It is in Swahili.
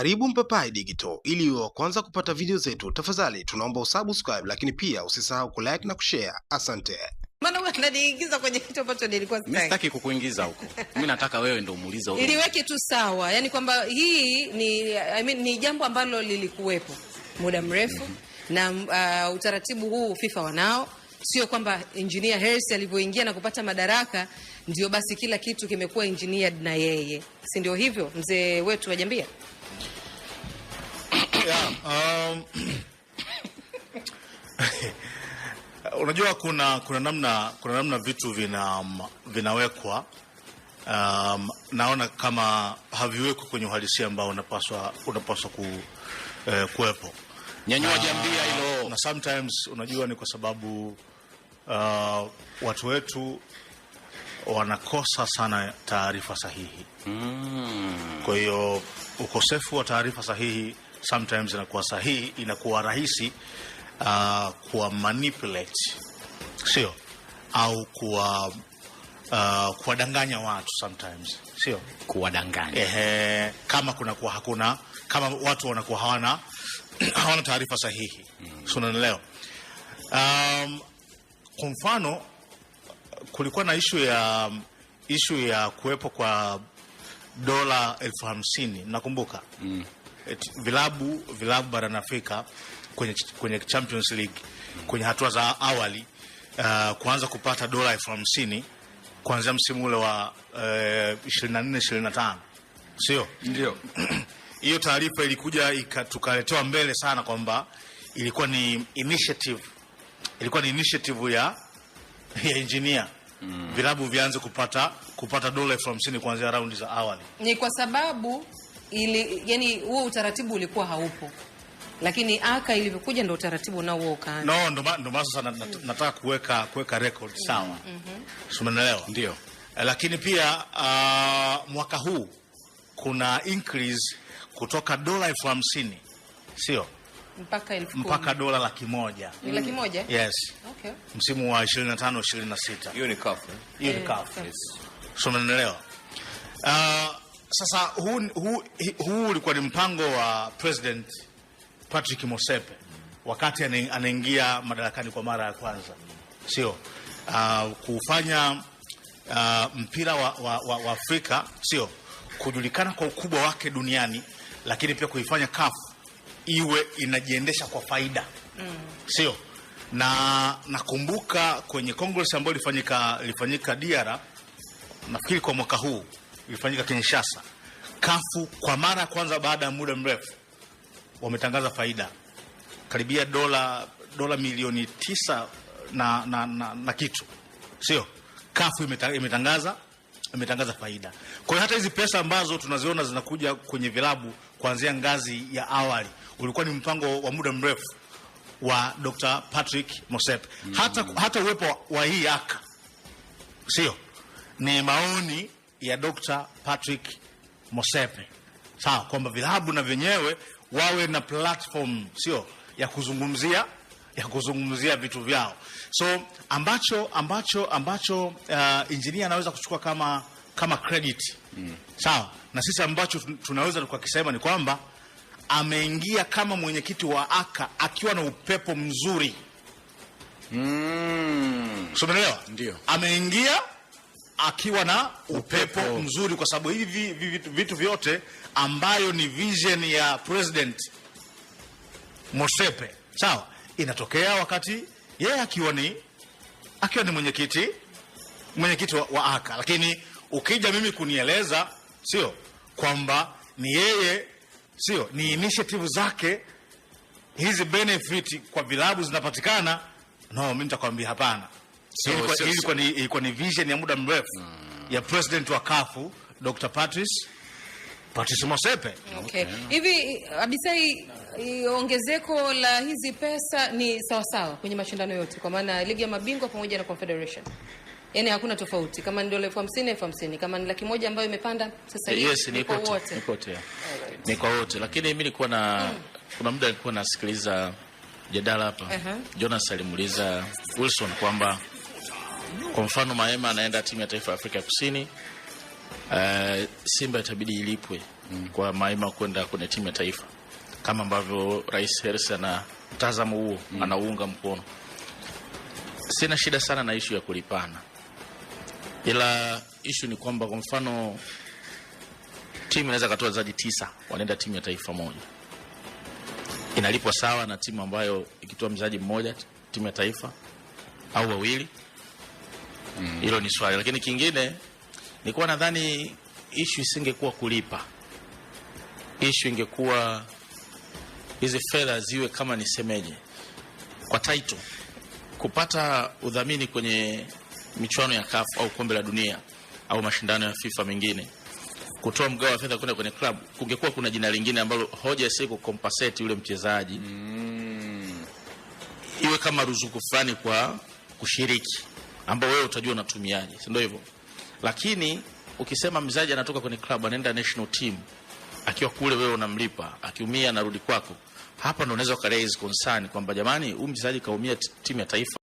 Karibu Mpapai Digital, ili uwe wa kwanza kupata video zetu, tafadhali tunaomba usubscribe, lakini pia usisahau kulike na kushare. Asante. Mbona wewe unaniingiza kwenye kitu ambacho nilikuwa sitaki. Mimi sitaki kukuingiza huko. Mimi nataka wewe ndio muulize huko. Iliweke tu sawa. Yaani kwamba hii ni I mean, ni jambo ambalo lilikuwepo muda mrefu mm -hmm. na uh, utaratibu huu FIFA wanao sio kwamba engineer Hersi alivyoingia na kupata madaraka ndio basi kila kitu kimekuwa engineered na yeye, si ndio hivyo mzee wetu wajambia? yeah, um, unajua kuna, kuna, namna, kuna namna vitu vina, um, vinawekwa um, naona kama haviwekwi kwenye uhalisia ambao unapaswa, unapaswa ku, eh, kuwepo. Nyanyua jambia hilo. Na sometimes unajua ni kwa sababu uh, watu wetu wanakosa sana taarifa sahihi mm. Kwa hiyo ukosefu wa taarifa sahihi sometimes inakuwa sahihi, inakuwa rahisi uh, kuwa manipulate, sio au kuwa Uh, kuwadanganya watu sometimes, sio kuwadanganya. Ehe, kama kuna kuwa hakuna kama watu wanakuwa hawana hawana taarifa sahihi mm. Sio unaelewa, um, kwa mfano kulikuwa na ishu ya ishu ya kuwepo kwa dola elfu hamsini nakumbuka mm et, vilabu vilabu barani Afrika kwenye, kwenye Champions League kwenye hatua za awali uh, kuanza kupata dola elfu hamsini kuanzia msimu ule wa uh, 24 25 sio ndio? Hiyo taarifa ilikuja tukaletewa mbele sana kwamba ilikuwa ni initiative, ilikuwa ni initiative ya, ya engineer mm. Vilabu vianze kupata kupata dola elfu hamsini kuanzia raundi za awali. Ni kwa sababu ili yani huo utaratibu ulikuwa haupo, lakini aka ilivyokuja ndo utaratibu nao huo ukaanza. No, ndo ndo maana sasa nat, nataka kuweka kuweka record mm-hmm. sawa. mm -hmm. Umeelewa? Ndio. Eh, lakini pia uh, mwaka huu kuna increase kutoka dola elfu hamsini sio mpaka, mpaka dola laki moja. Mm. Laki moja? Yes. Okay. Msimu wa 25 26. Hiyo ni kafu. Eh? Hiyo ni eh, kafu. Yes. So umeelewa? Uh, sasa huu ulikuwa ni mpango wa President Patrick Mosepe wakati anaingia madarakani kwa mara ya kwanza, sio uh, kufanya uh, mpira wa, wa, wa, wa Afrika sio kujulikana kwa ukubwa wake duniani, lakini pia kuifanya CAF iwe inajiendesha kwa faida mm. sio na nakumbuka kwenye congress ambayo ilifanyika ilifanyika DR nafikiri kwa mwaka huu ilifanyika Kinshasa, kafu kwa mara ya kwanza baada ya muda mrefu wametangaza faida karibia dola dola milioni tisa na, na, na, na kitu sio kafu imetangaza imetangaza faida. Kwa hiyo hata hizi pesa ambazo tunaziona zinakuja kwenye vilabu kuanzia ngazi ya awali ulikuwa ni mpango wa muda mrefu wa Dr. Patrick Mosep. Hata, hata uwepo wa hii aka sio ni maoni ya Dr. Patrick Mosepe, sawa, kwamba vilabu na vyenyewe wawe na platform, sio ya kuzungumzia ya kuzungumzia vitu vyao. So ambacho ambacho ambacho uh, engineer anaweza kuchukua kama kama credit mm. Sawa na sisi ambacho tunaweza tukakisema ni kwamba ameingia kama mwenyekiti wa aka akiwa na upepo mzuri mm. So, Ndio ameingia akiwa na upepo mzuri, kwa sababu hivi vitu, vitu vyote ambayo ni vision ya President Motsepe sawa, inatokea wakati yeye yeah, akiwa ni akiwa ni mwenyekiti mwenyekiti wa, wa aka. Lakini ukija mimi kunieleza sio kwamba ni yeye sio ni initiative zake hizi benefit kwa vilabu zinapatikana, no, mimi nitakwambia hapana so, ilikuwa, ni, ilikuwa ni vision ya muda mrefu mm, ya president wa kafu Dr. Patrice Patrice Motsepe. Okay. Hivi Abisai ongezeko la hizi pesa ni sawasawa kwenye mashindano yote kwa maana ligi ya mabingwa pamoja na Confederation. Yani hakuna tofauti kama ni dola elfu hamsini elfu hamsini kama ni laki moja ambayo imepanda sasa hivi. Yes, ni kwa wote. Ni kwa wote. Ni kwa wote. Lakini mimi nilikuwa na mm. kuna muda nilikuwa nasikiliza jadala hapa. Uh -huh. Jonas alimuuliza Wilson kwamba kwa mfano Maema anaenda timu ya taifa ya Afrika ya Kusini, uh, Simba itabidi ilipwe mm. kwa Maema kwenda kwenye timu ya taifa kama ambavyo Rais Harris ana mtazamo huo mm. anaunga mkono. Sina shida sana na ishu ya kulipana, ila ishu ni kwamba kwa mfano timu inaweza katoa wachezaji tisa wanaenda timu ya taifa moja, inalipwa sawa na timu ambayo ikitoa mchezaji mmoja timu ya taifa au wawili Mm. hilo mm. ni swali, lakini kingine nilikuwa nadhani ishu isingekuwa kulipa, ishu ingekuwa hizi fedha ziwe kama nisemeje, kwa title kupata udhamini kwenye michuano ya kafu au kombe la dunia au mashindano ya FIFA mengine, kutoa mgao wa fedha kwenda kwenye club, kungekuwa kuna jina lingine ambalo hoja si kukompensate yule mchezaji mm. iwe kama ruzuku fulani kwa kushiriki ambao wewe utajua unatumiaje, si ndio hivyo? Lakini ukisema mzaji anatoka kwenye club anaenda national team, akiwa kule wewe unamlipa, akiumia anarudi kwako, hapa ndo unaweza uka concern kwamba jamani, huyu mchezaji kaumia timu ya taifa.